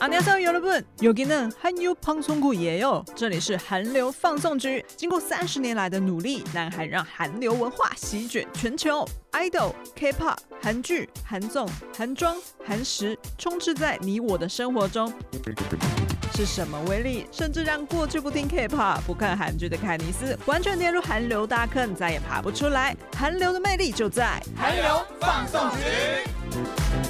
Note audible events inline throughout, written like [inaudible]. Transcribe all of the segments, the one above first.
안녕하세요여러분여기는韓流방송국예요這裡是韓流放送局。經過三十年來的努力，南韓讓韓流文化席捲全球，idol、K-pop、韓劇、韓綜、韓妝、韓食，充斥在你我的生活中。是什麼威力，甚至讓過去不聽 K-pop、不看韓劇的凱尼斯，完全跌入韓流大坑，再也爬不出來？韓流的魅力就在韓流放送局。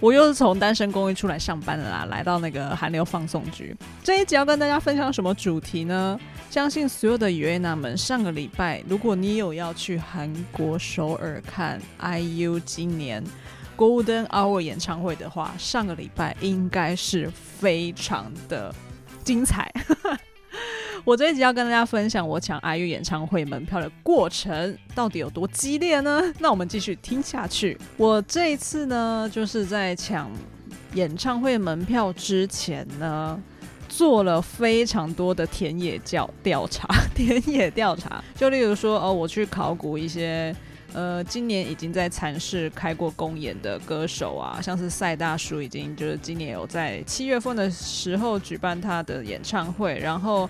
我又是從單身公寓出來上班的啦，來到那個韓流放送局。這一集要跟大家分享什麼主題呢？相信所有的 Uaena 們，上個禮拜如果你有要去韓國首爾看 IU 今年 Golden Hour 演唱會的話，上個禮拜應該是非常的精彩。 [laughs] 我這一集要跟大家分享我搶 IU 演唱會門票的過程到底有多激烈呢？那我們繼續聽下去。我這一次呢，就是在搶演唱會門票之前呢，做了非常多的田野調調查。田野調查就例如說，哦，我去考古一些呃，今年已經在蠶室開過公演的歌手啊，像是賽大叔已經就是今年有在七月份的時候舉辦他的演唱會，然後。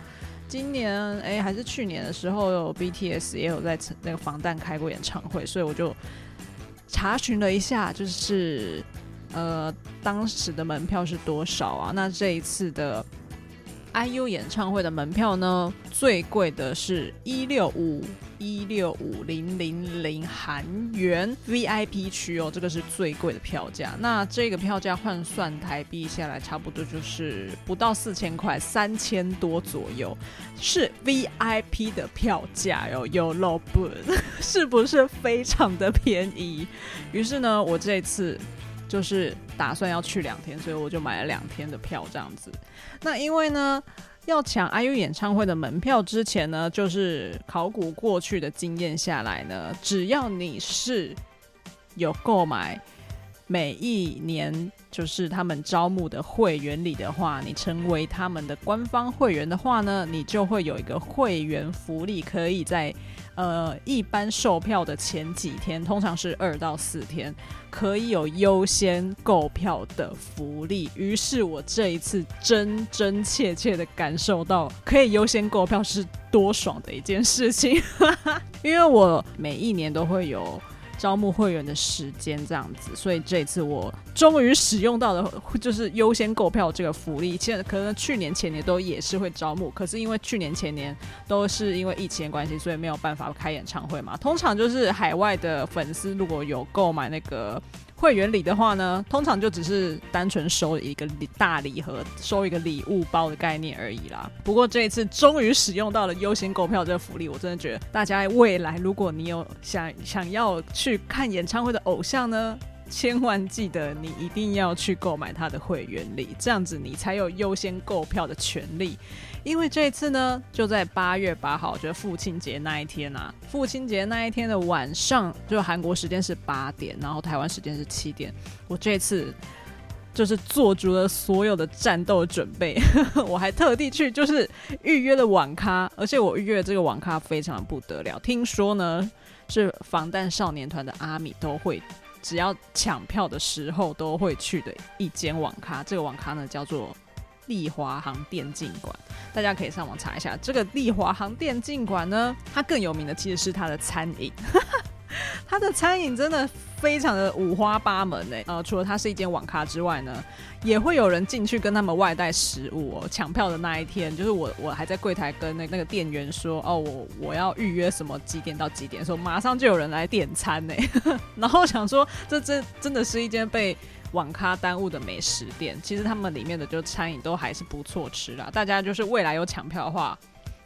今年哎、欸，還是去年的時候，有 BTS 也有在那個防彈開過演唱會，所以我就查詢了一下，就是呃當時的門票是多少啊？那這一次的。IU 演唱會的門票呢，最貴的是一六五一六五零零零韓元，VIP 區哦，這個是最貴的票價。那這個票價換算台幣下來，差不多就是不到四千塊，三千多左右，是 VIP 的票價喲、哦。有 o u o o 是不是非常的便宜？於是呢，我這次。就是打算要去兩天，所以我就買了兩天的票這樣子。那因為呢，要搶 IU 演唱會的門票之前呢，就是考古過去的經驗下來呢，只要你是有購買每一年就是他們招募的會員裡的話，你成為他們的官方會員的話呢，你就會有一個會員福利，可以在。呃，一般售票的前幾天，通常是二到四天，可以有優先購票的福利。於是，我這一次真真切切的感受到，可以優先購票是多爽的一件事情。 [laughs] 因為我每一年都會有。招募會員的時間這樣子，所以這次我終於使用到了，就是優先購票這個福利。現在可能去年前年都也是會招募，可是因為去年前年都是因為疫情的關係，所以沒有辦法開演唱會嘛。通常，就是海外的粉絲如果有購買那個。會員禮的話呢，通常就只是單純收一個大禮盒、收一個禮物包的概念而已啦。不過這一次終於使用到了優先購票這個福利，我真的覺得大家未來如果你有想想要去看演唱會的偶像呢，千萬記得你一定要去購買他的會員禮，這樣子你才有優先購票的權利。因為這次呢，就在八月八號，就是父親節那一天啊，父親節那一天的晚上，就韓國時間是八點，然後台灣時間是七點。我這次就是做足了所有的戰鬥的準備，呵呵，我還特地去就是預約了網咖，而且我預約這個網咖非常不得了，聽說呢是防彈少年團的阿米都會，只要搶票的時候都會去的一間網咖，這個網咖呢叫做。麗華行電競館，大家可以上網查一下。這個麗華行電競館呢，它更有名的其實是它的餐飲， [laughs] 它的餐飲真的非常的五花八門呢、欸。呃，除了它是一間網咖之外呢，也會有人進去跟他們外帶食物、喔。搶票的那一天，就是我我還在櫃台跟那個店員說哦、喔，我我要預約什麼幾點到幾點，說馬上就有人來點餐呢、欸。 [laughs] 然後想說，這這真的是一間被。網咖耽誤的美食店，其實他們裡面的就餐飲都還是不錯吃啦。大家就是未來有搶票的話，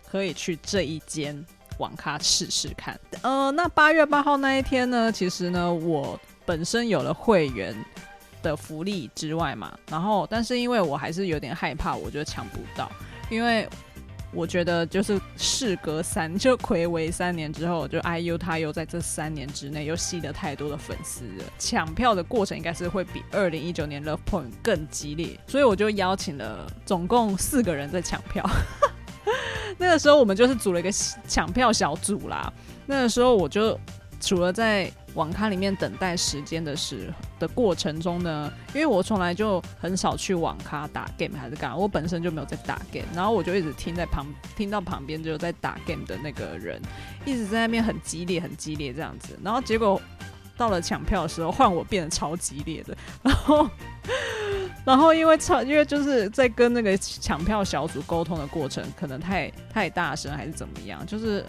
可以去這一間網咖試試看。呃，那八月八號那一天呢，其實呢，我本身有了會員的福利之外嘛，然後但是因為我還是有點害怕，我就搶不到，因為。我覺得就是事隔三就睽違三年之後，就 IU 他又在這三年之內又吸了太多的粉絲了。搶票的過程應該是會比二零一九年的 Point 更激烈，所以我就邀請了總共四個人在搶票。 [laughs] 那個時候我們就是組了一個搶票小組啦。那個時候我就。除了在網咖裡面等待時間的時的過程中呢，因為我從來就很少去網咖打 game，還是幹嘛，我本身就沒有在打 game，然後我就一直聽在旁，聽到旁邊就在打 game 的那個人一直在那邊很激烈，很激烈這樣子，然後結果到了搶票的時候，換我變得超激烈的，然後 [laughs] 然後因為超，因為就是在跟那個搶票小組溝通的過程，可能太太大聲還是怎麼樣，就是。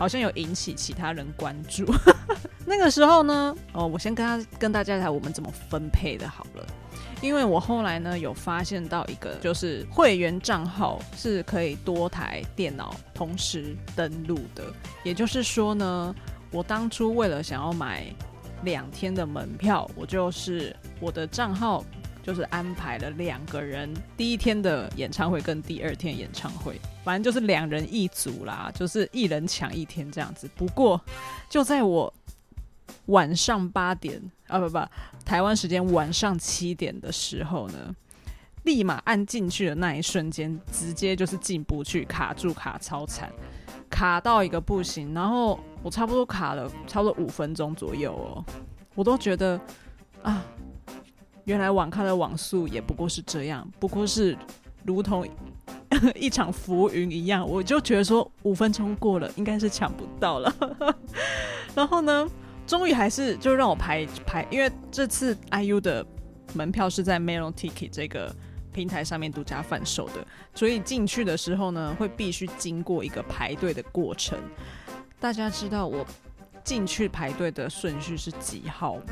好像有引起其他人關注， [laughs] 那個時候呢，哦，我先跟他跟大家講我們怎麼分配的好了，因為我後來呢有發現到一個，就是會員賬號是可以多台電腦同時登錄的，也就是說呢，我當初為了想要買兩天的門票，我就是我的賬號。就是安排了兩個人第一天的演唱會跟第二天演唱會，反正就是兩人一組啦，就是一人搶一天這樣子。不過，就在我晚上八點啊，不不，台灣時間晚上七點的時候呢，立馬按進去的那一瞬間，直接就是進不去，卡住卡超慘，卡到一個不行。然後我差不多卡了差不多五分鐘左右哦、喔，我都覺得啊。原來網咖的網速也不過是這樣，不過是如同一場浮雲一樣。我就覺得說，五分鐘過了，應該是搶不到了。 [laughs] 然後呢，終於還是就讓我排排，因為這次 IU 的門票是在 Melon Ticket 這個平台上面獨家販售的，所以進去的時候呢，會必須經過一個排隊的過程。大家知道我進去排隊的順序是幾號嗎？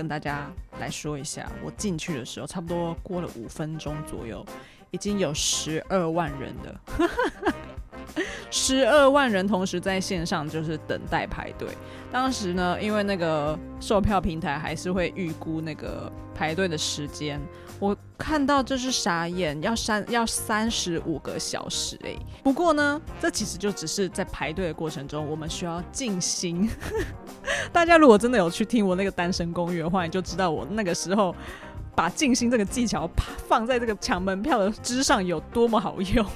跟大家來說一下，我進去的時候，差不多過了五分鐘左右，已經有十二萬人了。 [laughs] 十二萬人同時在線上，就是等待排隊。當時呢，因為那個售票平台還是會預估那個排隊的時間，我看到就是傻眼，要三要三十五個小時欸。不過呢，這其實就只是在排隊的過程中，我們需要靜心。 [laughs] 大家如果真的有去聽我那個《單身公寓》的話，你就知道我那個時候把靜心這個技巧放放在這個搶門票的之上有多麼好用。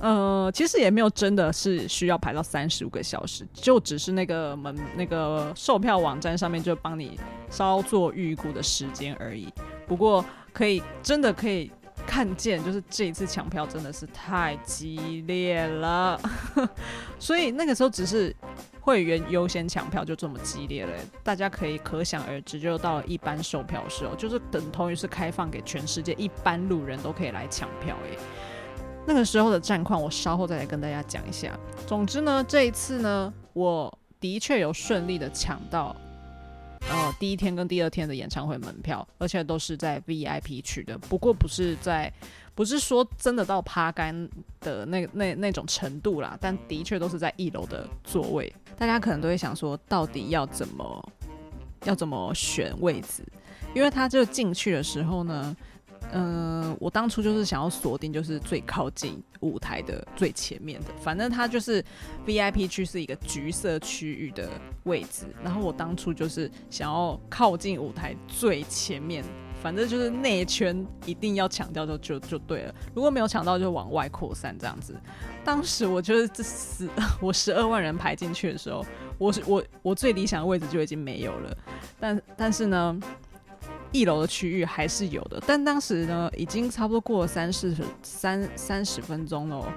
呃，其實也沒有真的是需要排到三十五個小時，就只是那個門那個售票網站上面就幫你稍作預估的時間而已。不過可以真的可以看見，就是這一次搶票真的是太激烈了， [laughs] 所以那個時候只是會員優先搶票就這麼激烈了，欸，大家可以可想而知，就到了一般售票時候，喔，就是等同於是開放給全世界一般路人都可以來搶票，欸。那個時候的戰況，我稍後再來跟大家講一下。總之呢，這一次呢，我的確有順利的搶到，呃，第一天跟第二天的演唱會門票，而且都是在 VIP 區的。不過不是在，不是說真的到趴桿的那那那種程度啦，但的確都是在一樓的座位。大家可能都會想說，到底要怎麼要怎麼選位置？因為他就進去的時候呢。嗯、呃，我當初就是想要鎖定，就是最靠近舞台的最前面的。反正它就是 VIP 區是一個橘色區域的位置，然後我當初就是想要靠近舞台最前面，反正就是內圈一定要搶掉，就就就對了。如果沒有搶到，就往外擴散這樣子。當時我就是這十我十二萬人排進去的時候，我我我最理想的位置就已經沒有了，但但是呢，一樓的區域還是有的，但當時呢，已經差不多過了三四十三三十分鐘了喔。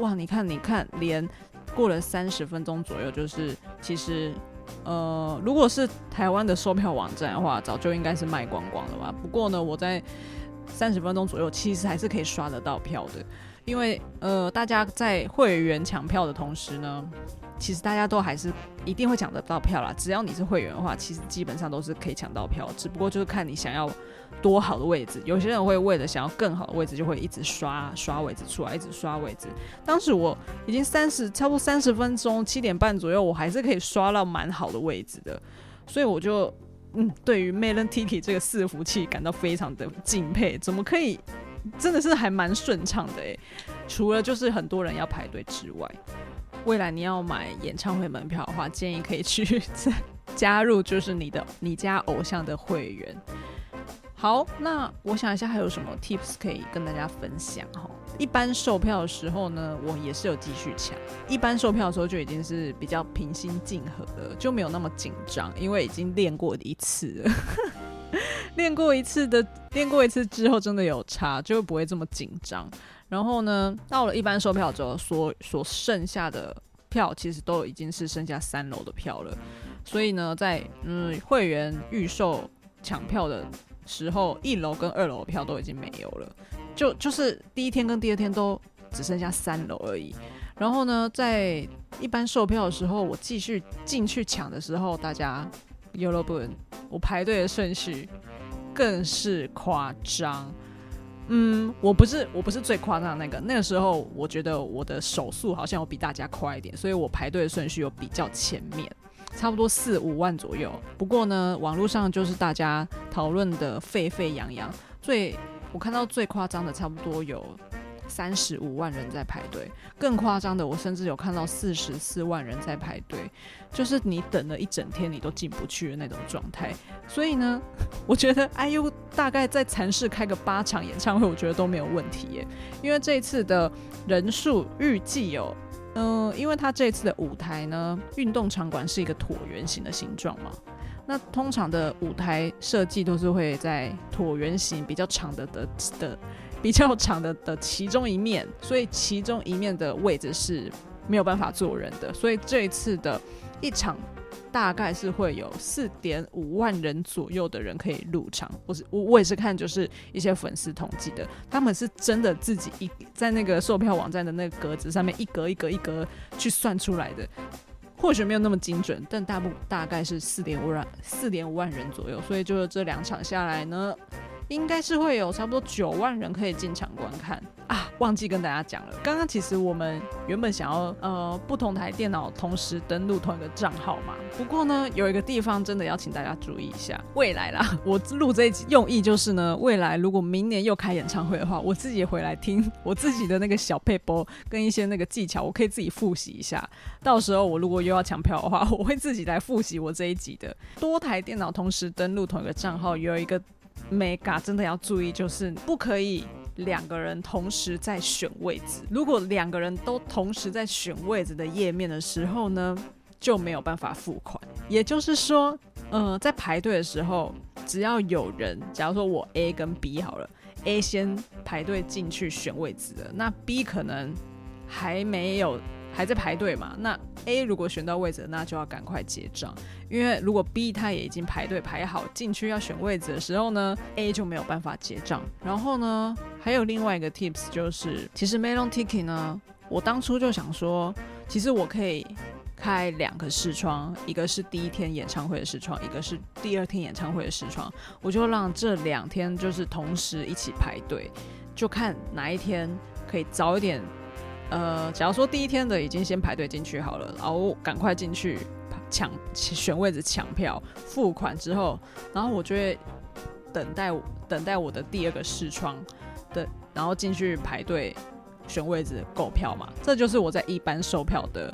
哇，你看，你看，連過了三十分鐘左右，就是其實，呃，如果是台灣的售票網站的話，早就應該是賣光光了吧。不過呢，我在三十分鐘左右，其實還是可以刷得到票的。因為呃，大家在會員搶票的同時呢，其實大家都還是一定會搶得到票啦。只要你是會員的話，其實基本上都是可以搶到票，只不過就是看你想要多好的位置。有些人會為了想要更好的位置，就會一直刷、刷位置出來，一直刷位置。當時我已經三十，差不多三十分鐘，七點半左右，我還是可以刷到蠻好的位置的。所以我就嗯，對於 Melon Ticket 這個伺服器感到非常的敬佩，怎麼可以？真的是還蠻順暢的誒、欸，除了就是很多人要排隊之外，未來你要買演唱會門票的話，建議可以去 [laughs] 再加入就是你的你家偶像的會員。好，那我想一下還有什麼 tips 可以跟大家分享齁。一般售票的時候呢，我也是有繼續搶，一般售票的時候就已經是比較平心靜和的，就沒有那麼緊張，因為已經練過一次了。 [laughs] 練 [laughs] 過一次的，練過一次之後，真的有差，就不會這麼緊張。然後呢，到了一般售票之後，所所剩下的票，其實都已經是剩下三樓的票了。所以呢，在嗯會員預售搶票的時候，一樓跟二樓的票都已經沒有了，就就是第一天跟第二天都只剩下三樓而已。然後呢，在一般售票的時候，我繼續進去搶的時候，大家。Uaena，我排隊的順序更是誇張。嗯，我不是，我不是最誇張的那個。那個時候，我覺得我的手速好像有比大家快一點，所以我排隊的順序有比較前面，差不多四五萬左右。不過呢，網絡上就是大家討論的沸沸揚揚，所以我看到最誇張的，差不多有。三十五萬人在排隊，更誇張的，我甚至有看到四十四萬人在排隊，就是你等了一整天，你都進不去的那種狀態。所以呢，我覺得 IU 大概在蠶室開個八場演唱會，我覺得都沒有問題耶。因為這次的人數預計有，嗯、呃，因為他這次的舞台呢，運動場館是一個橢圓形的形狀嘛，那通常的舞台設計都是會在橢圓形比較長的的的。比較長的的其中一面，所以其中一面的位置是沒有辦法坐人的，所以這一次的一場大概是會有四點五萬人左右的人可以入場，我是我我也是看就是一些粉絲統計的，他們是真的自己一在那個售票網站的那個格子上面一格一格一格一格去算出來的，或許沒有那麼精準，但大部大概是四點五萬四點五萬人左右，所以就是這兩場下來呢。應該是會有差不多九萬人可以進場觀看啊！忘記跟大家講了，剛剛其實我們原本想要呃不同台電腦同時登錄同一個賬號嘛。不過呢，有一個地方真的要請大家注意一下。未來啦，我錄這一集用意就是呢，未來如果明年又開演唱會的話，我自己也回來聽我自己的那個小撇步跟一些那個技巧，我可以自己複習一下。到時候我如果又要搶票的話，我會自己來複習我這一集的多台電腦同時登錄同一個賬號，有一個。Mega 真的要注意，就是不可以兩個人同時在選位置。如果兩個人都同時在選位置的頁面的時候呢，就沒有辦法付款。也就是說，呃，在排隊的時候，只要有人，假如說我 A 跟 B 好了，A 先排隊進去選位置的，那 B 可能還沒有。還在排隊嘛。那 A 如果選到位置，那就要趕快結賬，因為如果 B 他也已經排隊排好進去要選位置的時候呢，A 就沒有辦法結賬。然後呢，還有另外一個 tips 就是，其實 Melon Ticket 呢，我當初就想說，其實我可以開兩個視窗，一個是第一天演唱會的視窗，一個是第二天演唱會的視窗，我就讓這兩天就是同時一起排隊，就看哪一天可以早一點。呃，假如說第一天的已經先排隊進去好了，然後趕快進去搶選位置搶票，付款之後，然後我就會等待等待我的第二個視窗的，然後進去排隊選位置購票嘛，這就是我在一般售票的。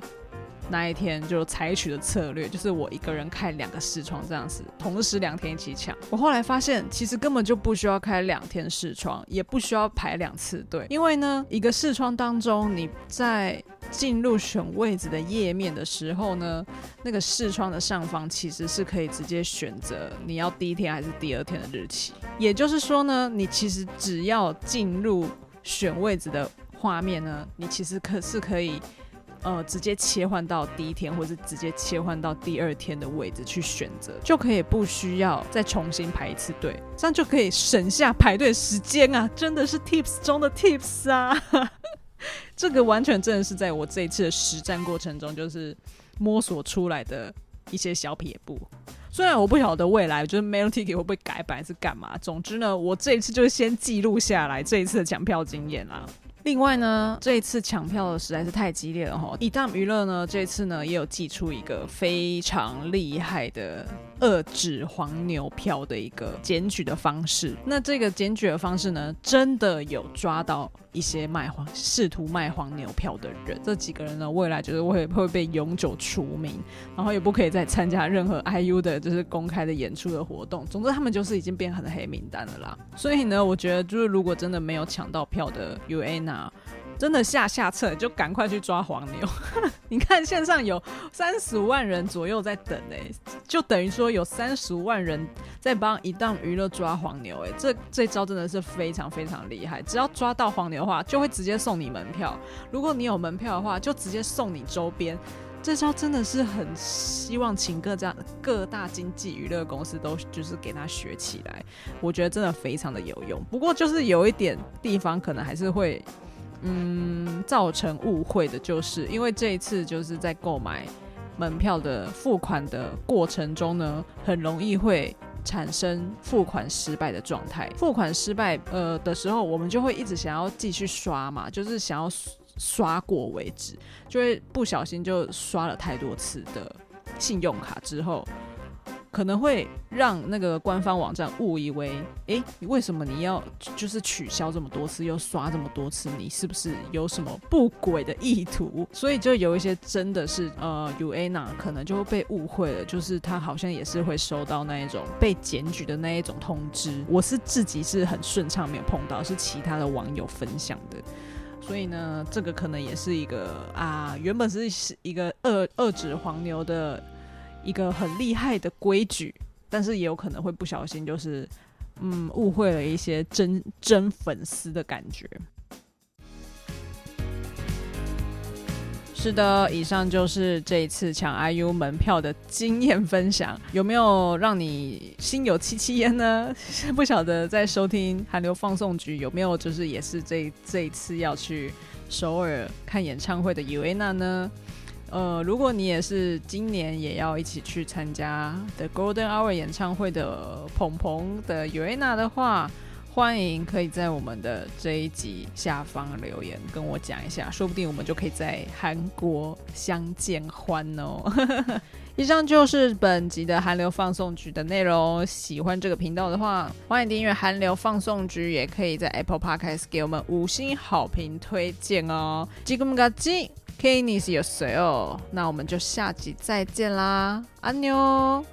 那一天就採取的策略就是我一個人開兩個視窗這樣子，同時兩天一起搶。我後來發現，其實根本就不需要開兩天視窗，也不需要排兩次隊，因為呢，一個視窗當中，你在進入選位置的頁面的時候呢，那個視窗的上方其實是可以直接選擇你要第一天還是第二天的日期。也就是說呢，你其實只要進入選位置的畫面呢，你其實可是可以，呃，直接切換到第一天，或是直接切換到第二天的位置去選擇，就可以不需要再重新排一次隊，這樣就可以省下排隊時間啊！真的是 tips 中的 tips 啊！ [laughs] 這個完全真的是在我這一次的實戰過程中，就是摸索出來的一些小撇步。雖然我不曉得未來就是 Mail Ticket 會不會改版是幹嘛，總之呢，我這一次就先記錄下來這一次的搶票經驗啦。另外呢，這一次搶票的實在是太激烈了吼！EDAM 娛樂呢，這一次呢也有祭出一個非常厲害的。遏制黃牛票的一個檢舉的方式，那這個檢舉的方式呢，真的有抓到一些賣黃試圖賣黃牛票的人，這幾個人呢未來就是會會被永久除名，然後也不可以再參加任何 IU 的就是公開的演出的活動，總之他們就是已經變成了黑名單了啦。所以呢，我覺得就是如果真的沒有搶到票的 Uaena 呢，真的下下策就趕快去抓黃牛， [laughs] 你看線上有三十萬人左右在等欸，就等於說有三十萬人在幫一檔娛樂抓黃牛欸，這這招真的是非常非常厲害，只要抓到黃牛的話就會直接送你門票，如果你有門票的話就直接送你周邊，這招真的是很希望請各家各大經紀娛樂公司都就是給他學起來，我覺得真的非常的有用，不過就是有一點地方可能還是會。嗯，造成誤會的就是，因為這一次就是在購買門票的付款的過程中呢，很容易會產生付款失敗的狀態。付款失敗，呃的時候，我們就會一直想要繼續刷嘛，就是想要刷過為止，就會不小心就刷了太多次的信用卡之後。可能會讓那個官方網站誤以為，哎、欸，你為什麼你要就是取消這麼多次，又刷這麼多次？你是不是有什麼不軌的意圖？所以就有一些真的是呃，Uaena 可能就會被誤會了，就是他好像也是會收到那一種被檢舉的那一種通知。我是自己是很順暢，沒有碰到，是其他的網友分享的。所以呢，這個可能也是一個啊，原本是一個遏、遏止黃牛的。一個很厲害的規矩，但是也有可能會不小心，就是嗯，誤會了一些真真粉絲的感覺。是的，以上就是這一次搶 IU 門票的經驗分享，有沒有讓你心有戚戚焉呢？ [laughs] 不曉得在收聽韓流放送局有沒有，就是也是這這一次要去首爾看演唱會的 Uaena 呢？呃，如果你也是今年也要一起去參加 The Golden Hour 演唱會的朋朋的 Uaena 的話，歡迎可以在我們的這一集下方留言跟我講一下，說不定我們就可以在韓國相見歡哦。 [laughs] 以上就是本集的韓流放送局的內容。喜歡這個頻道的話，歡迎訂閱韓流放送局，也可以在 Apple Podcast 給我們五星好評推薦哦。基們嘎基。Kenny s 有誰哦？那我們就下集再見啦，安妞。